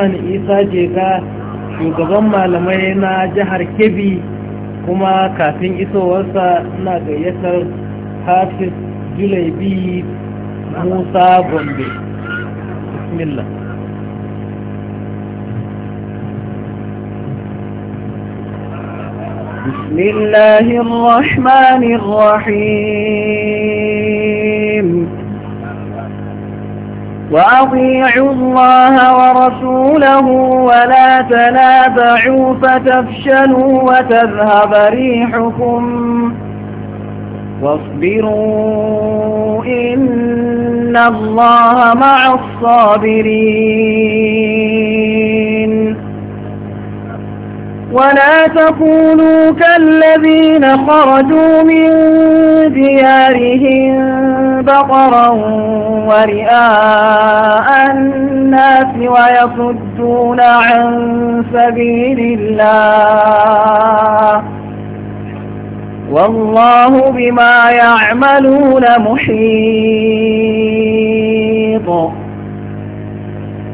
an Isa Jega shugaban malamai na jihar Kebbi kuma kafin isowarsa na gayyatar Hafiz Julaibi Musa Gombe. Bismillah. بسم الله الرحمن الرحيم وأطيعوا الله ورسوله ولا تنابعوا فتفشلوا وتذهب ريحكم واصبروا إن الله مع الصابرين ولا تكونوا كالذين خرجوا من ديارهم بطرا ورئاء الناس ويصدون عن سبيل الله والله بما يعملون محيط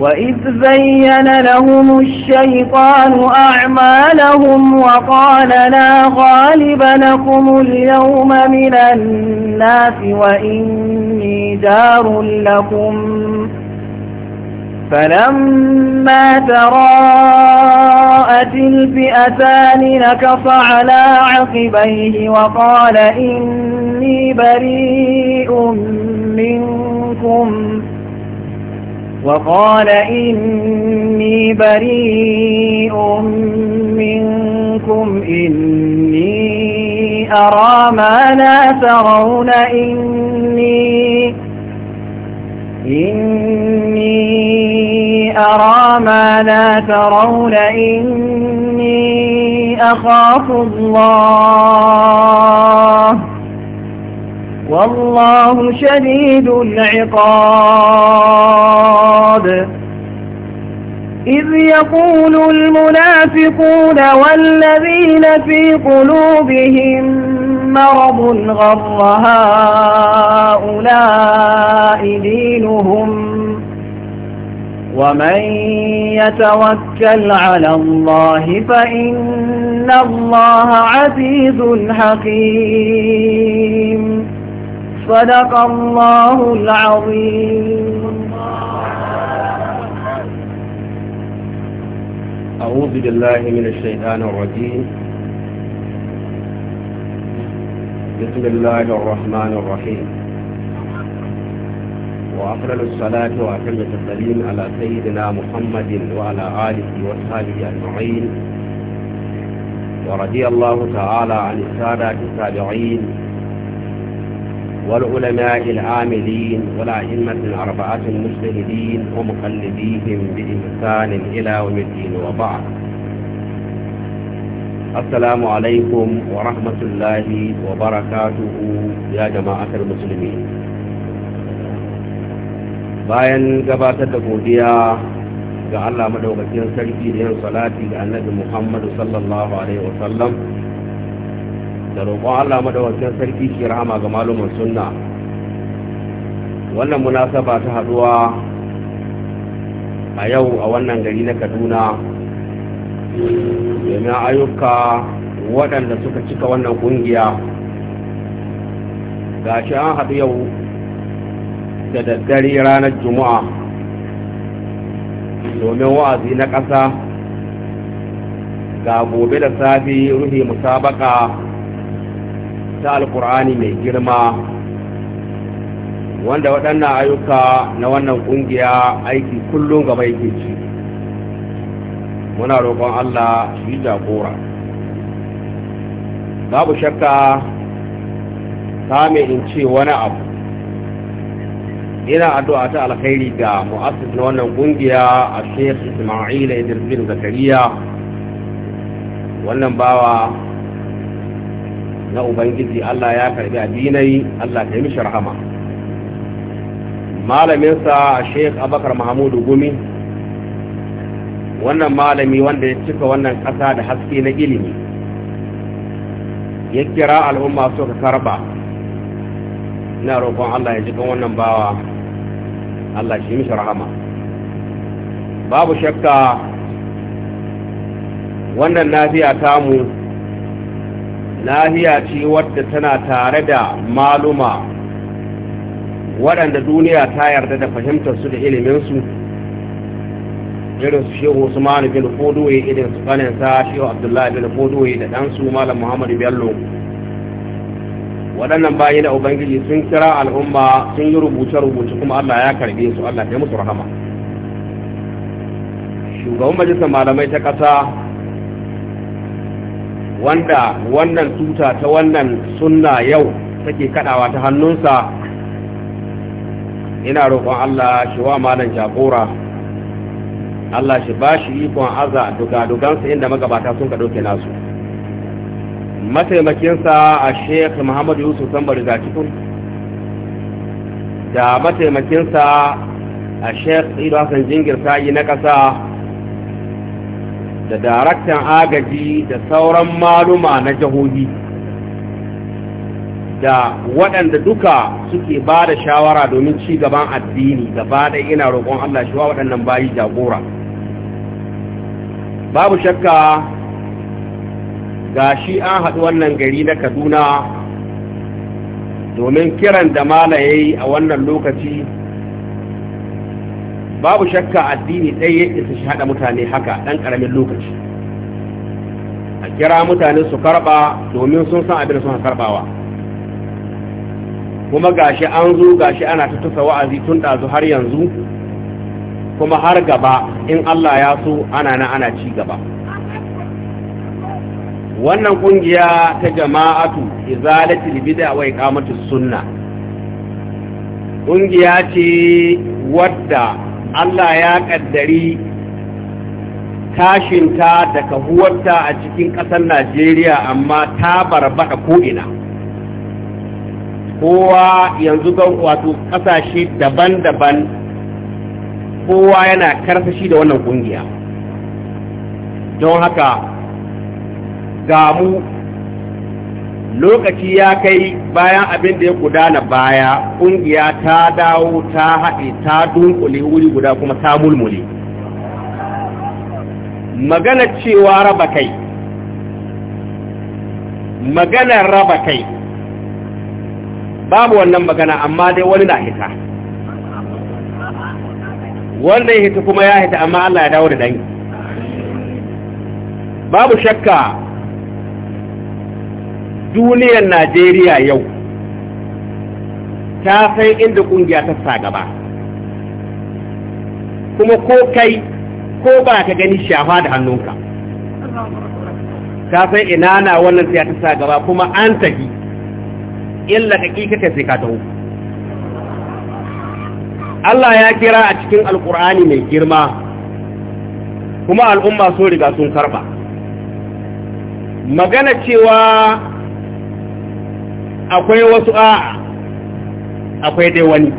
وإذ زين لهم الشيطان أعمالهم وقال لا غالب لكم اليوم من الناس وإني جار لكم فلما تراءت الفئتان نكص على عقبيه وقال إني بريء منكم وقال إني بريء منكم إني أرى ما لا ترون إني إني أرى ما لا ترون إني أخاف الله والله شديد العقاب إذ يقول المنافقون والذين في قلوبهم مرض غر هؤلاء دينهم ومن يتوكل على الله فإن الله عزيز حكيم صدق الله العظيم أعوذ بالله من الشيطان الرجيم بسم الله الرحمن الرحيم وأفضل الصلاة وأتم التسليم على سيدنا محمد وعلى آله وصحبه أجمعين ورضي الله تعالى عن السادة التابعين والعلماء العاملين والأئمة الأربعة المجتهدين ومقلديهم بإحسان إلى يوم الدين وبعد السلام عليكم ورحمة الله وبركاته يا جماعة المسلمين bayan gabatar da godiya ga Allah madaukakin sarki da yin salati ga annabi Muhammad sallallahu alaihi wasallam da roƙon Allah madawacin sarki shi rahama ga malumin sunna wannan munasaba ta haɗuwa. a yau a wannan gari na Kaduna domin ayyuka waɗanda suka cika wannan ƙungiya ga shi an haɗu yau da daddare ranar juma'a domin wa'azi na ƙasa ga gobe da safi ruhi musabaka ta alkur'ani mai girma wanda waɗannan ayyuka na wannan ƙungiya aiki kullum gaba yake ci muna roƙon Allah shi jagora babu shakka kame in ce wani abu ina addu'a ta alkhairi ga mu'assis na wannan kungiya a Sheikh Isma'il Idris bin Zakariya wannan bawa na ubangiji Allah ya karbi addinai Allah ka yi mishi rahama malaminsa Sheikh Abakar Mahamudu Gumi wannan malami wanda ya cika wannan ƙasa da haske na ilimi ya kira al'umma suka karba na roƙon Allah ya jikan wannan bawa Allah shi mishi rahama babu shakka wannan nafiya tamu lahiya ce wadda tana tare da maluma waɗanda duniya ta yarda da fahimtarsu da iliminsu irin su shehu usman bin fodowe irin su kaninsa shehu abdullahi bin fodowe da ɗansu malam muhammadu bello waɗannan bayi da ubangiji sun kira al'umma sun yi rubuce-rubuce kuma allah ya karbe su allah ya musu rahama shugaban majalisar malamai ta ƙasa wanda wannan tuta ta wannan sunna yau take kadawa ta hannunsa ina roƙon Allah shi wa malan jagora Allah shi ba shi ikon aza dugadugansa inda magabata sun ka ɗauke nasu mataimakinsa a sheikh muhammadu yusuf sambari da cikin da mataimakinsa a sheikh ido hassan jingir ta yi na ƙasa da daraktan agaji da sauran maluma na jahohi da waɗanda duka suke ba da shawara domin ci gaban addini gaba da ina roƙon Allah shi wa waɗannan bayi jagora babu shakka ga shi an haɗu wannan gari na Kaduna domin kiran da malaye a wannan lokaci babu shakka addini ɗaya ya isa shi haɗa mutane haka ɗan ƙaramin lokaci a kira mutane su karɓa domin sun san abin sun karɓawa kuma gashi an zo gashi ana ta tusa wa'azi tun ɗazu har yanzu kuma har gaba in Allah ya so ana na ana ci gaba wannan ƙungiya ta jama'atu izalatul bid'a wa iqamatus sunna ƙungiya ce wadda Allah ya kaddari tashinta da kahuwarta a cikin ƙasar Najeriya amma ta barbaɗa ko'ina kowa yanzu ga wato ƙasashe daban-daban kowa yana karfashi da wannan ƙungiya don haka ga lokaci ya kai bayan abin da ya gudana baya ƙungiya ta dawo ta haɗe ta dunkule wuri guda kuma ta mulmule magana cewa raba kai maganar raba kai babu wannan magana amma dai wani na hita wanda ya hita kuma ya hita amma Allah ya dawo da dangi babu shakka duniyar najeriya yau ta san inda ƙungiya ta sa gaba kuma ko kai ko ba ka gani shafa da hannunka ta san ina na wannan ta ta sa gaba kuma an tafi illa ka ƙi kaka sai ka Allah ya kira a cikin alkur'ani mai girma kuma al'umma so riga sun karba magana cewa akwai wasu a'a akwai dai wani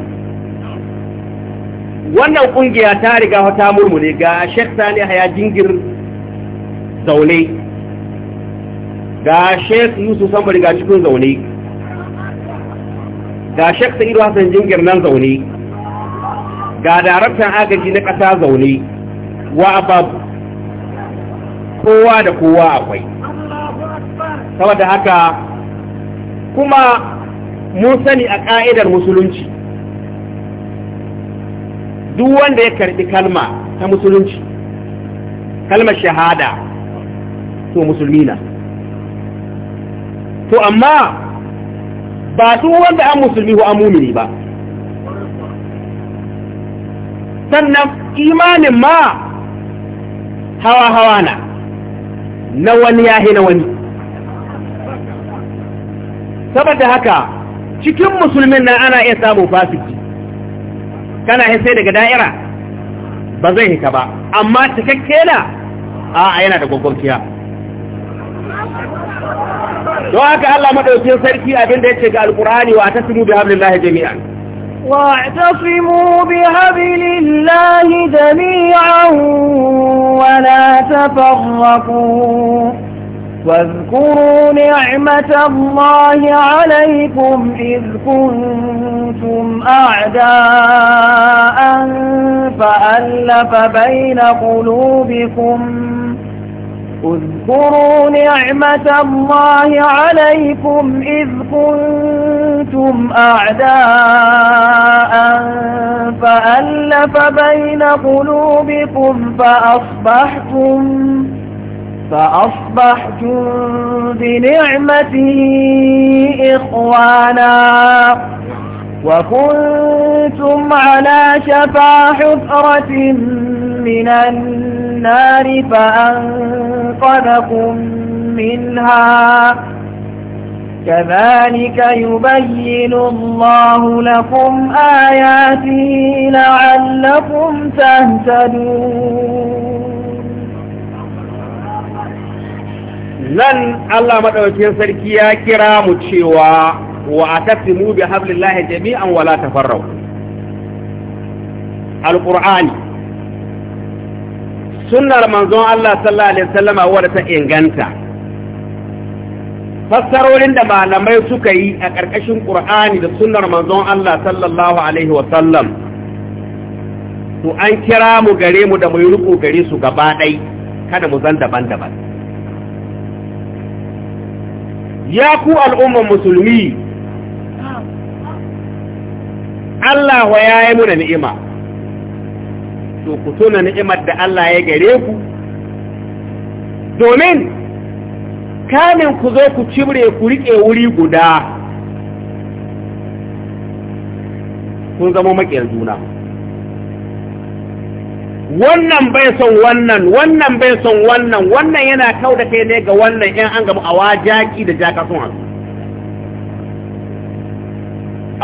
wannan kungiya ta riga ta murmure ga Sheikh Sani Haya Jingir zaune ga Sheikh Yusuf Sambar ga cikin zaune ga Sheikh Sa'idu Hassan Jingir nan zaune ga daraktan agaji na ƙasa zaune wa babu kowa da kowa akwai saboda haka kuma mun sani a ƙa'idar musulunci duk wanda ya karɓi kalma ta musulunci kalmar shahada to musulmi na to amma ba duk wanda an musulmi ko an mumini ba sannan imanin ma hawa hawa na na wani yahi na wani saboda haka cikin musulmin na ana iya samun fasiki kana sai daga da'ira ba zai hita ba amma cikakke na a yana da gwagwamciya don haka Allah maɗaukin sarki abinda ya ce ga alkur'ani wa ta sinu bi hablillahi jami'an واعتصموا بهبل الله جميعا ولا تفرقوا واذكروا نعمة الله عليكم إذ كنتم أعداء فألف بين قلوبكم اذكروا نعمة الله عليكم إذ كنتم أعداء فألف بين قلوبكم فأصبحتم فأصبحتم بنعمتي إخوانا وكنتم على شفا حفرة من النار فأنقذكم منها كذلك يبين الله لكم آياته لعلكم تهتدون nan Allah madaukakin sarki ya kira mu cewa wa atasimu bi hablillahi jami'an wa la tafarraqu alqur'ani sunnar manzon Allah sallallahu alaihi wasallama wadda ta inganta fassarorin da malamai suka yi a ƙarƙashin ƙur'ani da sunnar manzon Allah sallallahu alaihi wasallam to an kira mu gare mu da mu yi riko gare su gaba ɗai kada mu zan daban-daban ya ku al'umman musulmi Allah wa ya yi muna ni'ima to ku tuna ni'imar da Allah ya gare ku domin kamin ku zo ku cimre ku riƙe wuri guda kun zama maƙiyar juna wannan bai son wannan wannan bai son wannan wannan yana kau da kai ne ga wannan yan an gamu a jaki da jaka sun hasu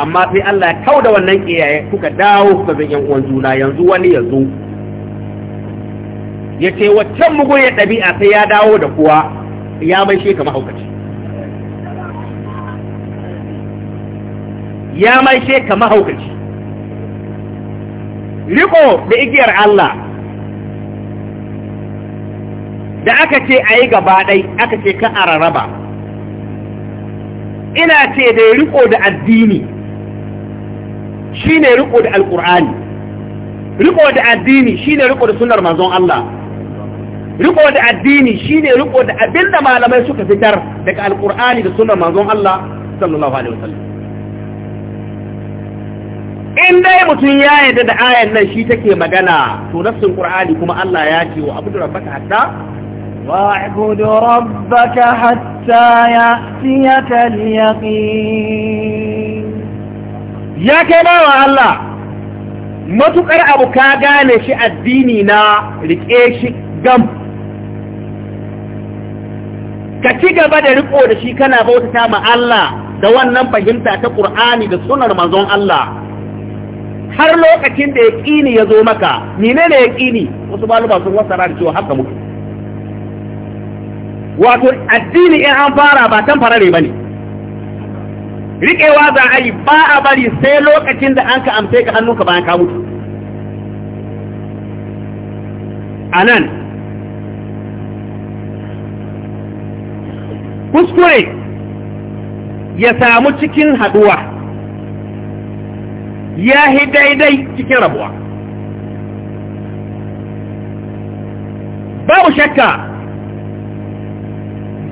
amma sai Allah ya kau da wannan kiyaye kuka dawo kuka zan yan uwan juna yanzu wani yanzu. ya ce waccan mugun ya ɗabi'a sai ya dawo da kuwa ya mai shi kamar haukaci ya mai shi kamar haukaci riko da igiyar Allah da aka ce a yi gaba aka ce kan araraba ina ce da riko da addini shi ne riko da alkur'ani riko da addini shi ne riko da sunar manzon Allah riko da addini shi ne riko da abinda malamai suka fitar daga alkur'ani da sunar manzon Allah sallallahu alaihi wasallam in dai mutum ya yarda da ayan nan shi take magana to nassin qur'ani kuma Allah ya ce wa abudu rabbaka hatta wa'budu rabbaka hatta ya'tiyaka al-yaqin ya kai bawa Allah matukar abu ka gane shi addini na rike shi gam ka ci gaba da riko da shi kana bautata ma Allah da wannan fahimta ta Qur'ani da sunar manzon Allah har lokacin da ya ƙini ya zo maka ne ya ƙini wasu maluma sun wasara da cewa haka mutu wato addini in an fara ba tan farare ne riƙewa za a yi ba a bari sai lokacin da an ka amsai ka hannunka bayan ka mutu a nan kuskure ya samu cikin haɗuwa ya yi daidai cikin rabuwa babu shakka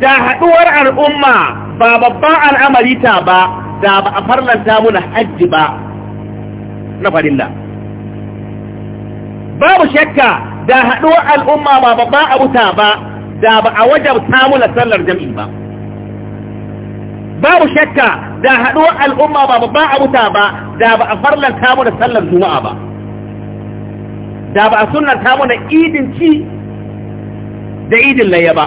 da haɗuwar al'umma ba babban al'amari ta ba da ba a farlanta muna hajji ba na farilla babu shakka da haɗuwar al'umma ba babban abuta ba da ba a wajen samuna sallar jami'in ba babu shakka da haɗuwar al'umma ba babban abuta ba da ba a farlanta mu da sallar juma'a ba da ba a sunanta mu da idin ci da idin layya ba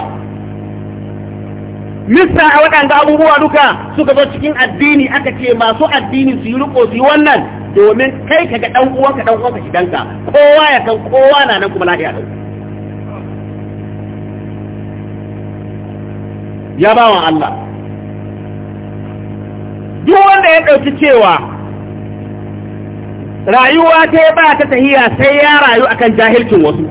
mista a waɗanda abubuwa duka suka zo cikin addini aka ce masu addini su yi riko su yi wannan domin kai ka ga ɗan uwanka ɗan uwanka shiganka kowa ya san kowa na nan kuma lafiya ɗau ya bawa Allah duk wanda ya ɗauki cewa rayuwa ta ba ta tahiya sai ya rayu akan jahilcin wasu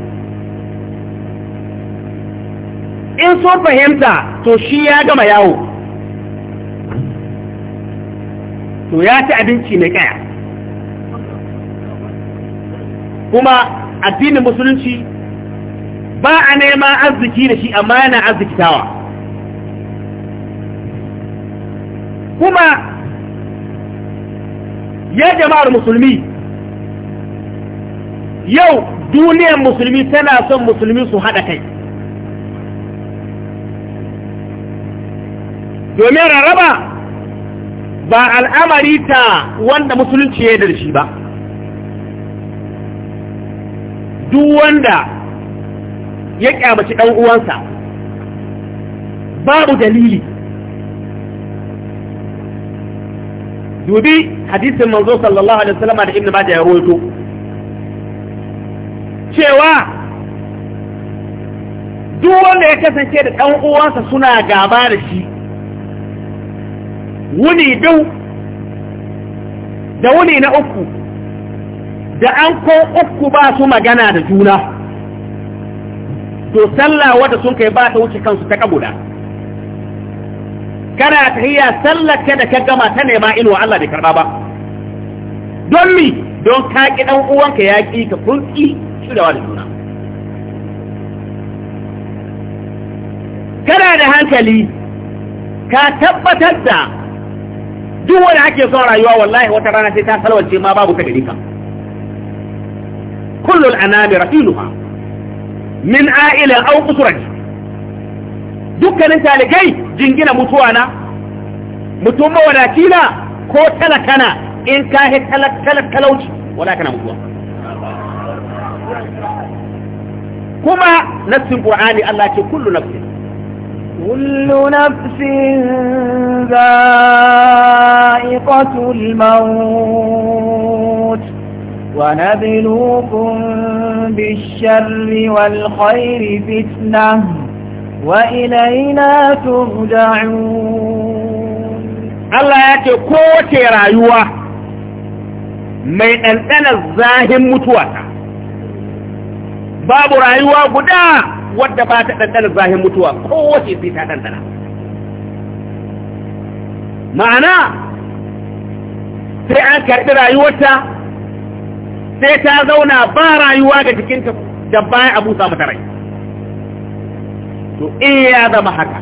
in so fahimta to shi ya gama yawo to ya ci abinci mai kaya kuma addinin musulunci ba a neman arziki da shi amma yana arzikitawa kuma ya jama'ar musulmi yau duniyar musulmi tana son musulmi su haɗa kai domin rarraba ba al'amari ta wanda musulunci ya da shi ba duk wanda ya ƙyamaci ɗan uwansa babu dalili dubi hadisin manzo sallallahu alaihi wasallam da ibnu majah ya rawaito cewa duk wanda ya kasance da ɗan uwansa suna gaba da shi wuni biyu da wuni na uku da an ko uku ba su magana da juna to sallah da sun kai ba ta wuce kansu ta kabuda kana tahiyya sallar ka da ka gama ta nema inuwa Allah bai karba ba don mi don ka ki dan uwanka ya ki ka kun ki shirawa da juna kana da hankali ka tabbatar da duk wanda ake son rayuwa wallahi wata rana sai ta salwance ma babu ta gari ka kullul anami rafiluha min a'ila aw usrati dukkanin talikai jingina mutuwa na mutum mawadaci na ko talakana in ka yi talauci wala kana mutuwa kuma nassin qur'ani Allah ce kullu nafsi kullu nafsin za'iqatul maut wa nabluukum bish-sharri wal-khayri fitnah وإلينا ترجعون الله يأتي قوة رايوة mai ɗanɗanar zahin mutuwata babu rayuwa guda wadda ba ta ɗanɗanar zahin mutuwa kowace sai ta ɗanɗana ma'ana sai an karɓi rayuwarta sai ta zauna ba rayuwa ga jikinta da bayan abu samu ta rai to in ya zama haka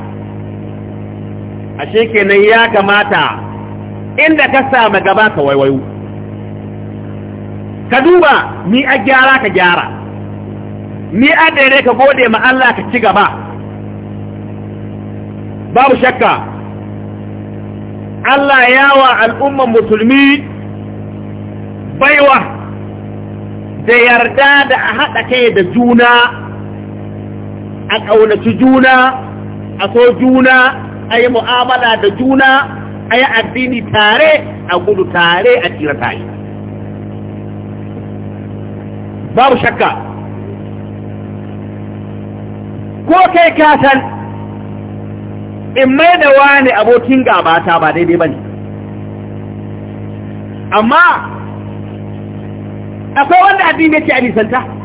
ashe kenan ya kamata inda ka samu gaba ka waiwayo ka duba ni a gyara ka gyara ni a dare ka gode ma Allah ka ci gaba babu shakka Allah ya wa al'umman musulmi baiwa da yarda da a haɗa kai da juna a ƙaunaci juna a so juna a yi mu'amala da juna a yi addini tare a gudu tare a tsira tare babu shakka ko kai kasan in mai da wani abokin gabata ba daidai ba ne amma akwai wanda addini ya ce a nisanta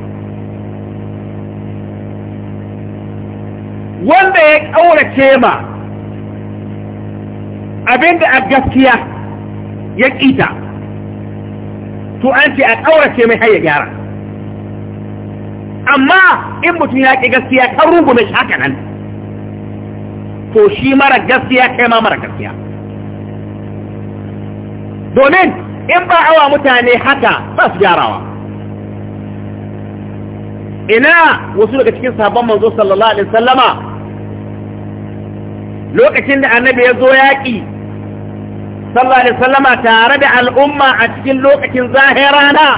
wanda ya ƙaurace ma abinda a gaskiya ya ƙita to an ce a ƙaurace mai har ya gyara amma in mutum ya ƙi gaskiya kan rungume shi haka nan to shi mara gaskiya kai ma mara gaskiya domin in ba awa mutane haka ba su gyarawa ina wasu daga cikin sabon manzo sallallahu alaihi sallama lokacin da annabi ya zo yaƙi sallallahu alaihi wasallama tare da al'umma a cikin lokacin zahirana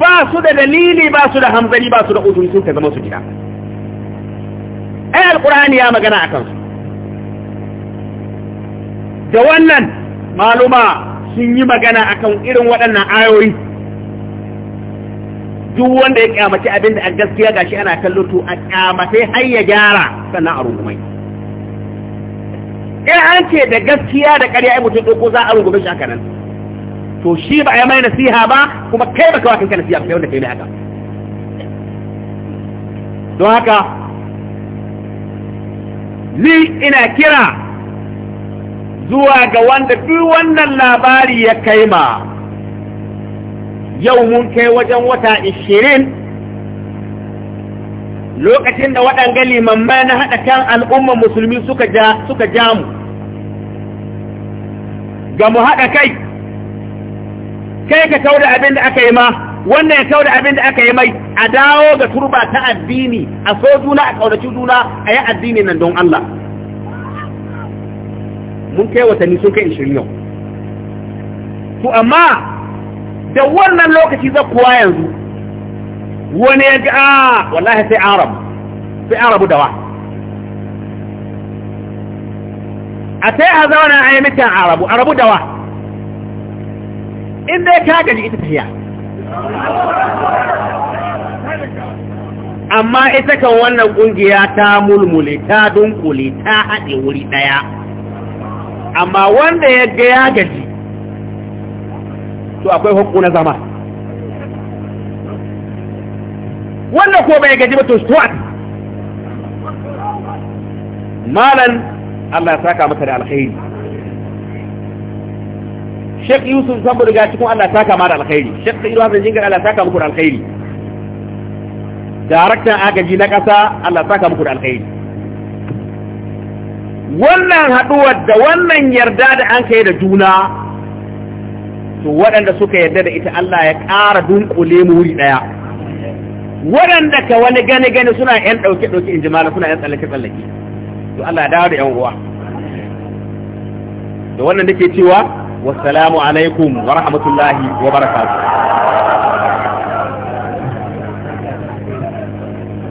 ba su da dalili ba su da hanzari ba su da uzuri sun ta zama su gida ai alqur'ani ya magana akan su da wannan maluma sun yi magana akan irin waɗannan ayoyi duk wanda ya kyamaci abin da a gaskiya gashi ana kallo to a kyamace har ya gyara sannan a rungumai in an ce da gaskiya da ƙarya ai mutum ko za a rungume shi haka nan to shi ba a yi mai nasiha ba kuma kai ba kawai kanka nasiha ba kai wanda kai mai haka don haka ni ina kira zuwa ga wanda duk wannan labari ya kai ma yau mun kai wajen wata ishirin lokacin da waɗanga limamma na haɗa kan al'umman musulmi suka ja mu ga mu haɗa kai kai ka da abin da aka yi ma wannan ya da abin da aka yi mai a dawo ga turba ta addini a so juna a kaudaci juna a yi addini nan don Allah mun kai watanni sun kai ishirin yau to amma da wannan lokaci za kuwa yanzu wani ya ga ah, wallahi sai an rabu sai an rabu da wa a sai a zauna a yi mitan a rabu a rabu da wa inda ya ka gaji ita tafiya amma ita kan wannan kungiya ta mulmule ta dunkule ta haɗe wuri ɗaya amma wanda ya ga ya gaji to akwai hukku na zama wanda ko bai gaji ba to to malan Allah ya saka maka da alkhairi Sheikh Yusuf Zambo daga cikin Allah ya saka ma da alkhairi Sheikh Sa'idu Hassan Jingar Allah ya saka muku da alkhairi Daraktan agaji na ƙasa Allah ya saka muku da alkhairi wannan haɗuwar da wannan yarda da an kai da juna to waɗanda suka yarda da ita Allah ya ƙara dunƙule mu wuri ɗaya waɗanda ka wani gani gani suna ƴan ɗauke ɗauke in jimala suna ƴan tsallake tsallake to Allah ya dawo da ƴan uwa da wannan da ke cewa wassalamu alaikum wa rahmatullahi wa barakatuh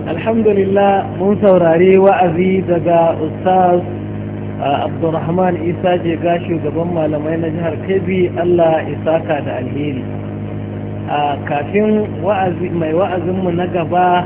alhamdulillah mun saurari wa'azi daga ustaz abdulrahman isa je ga shugaban malamai na jihar kebbi allah isaka da alheri kafin mai wa'azinmu na gaba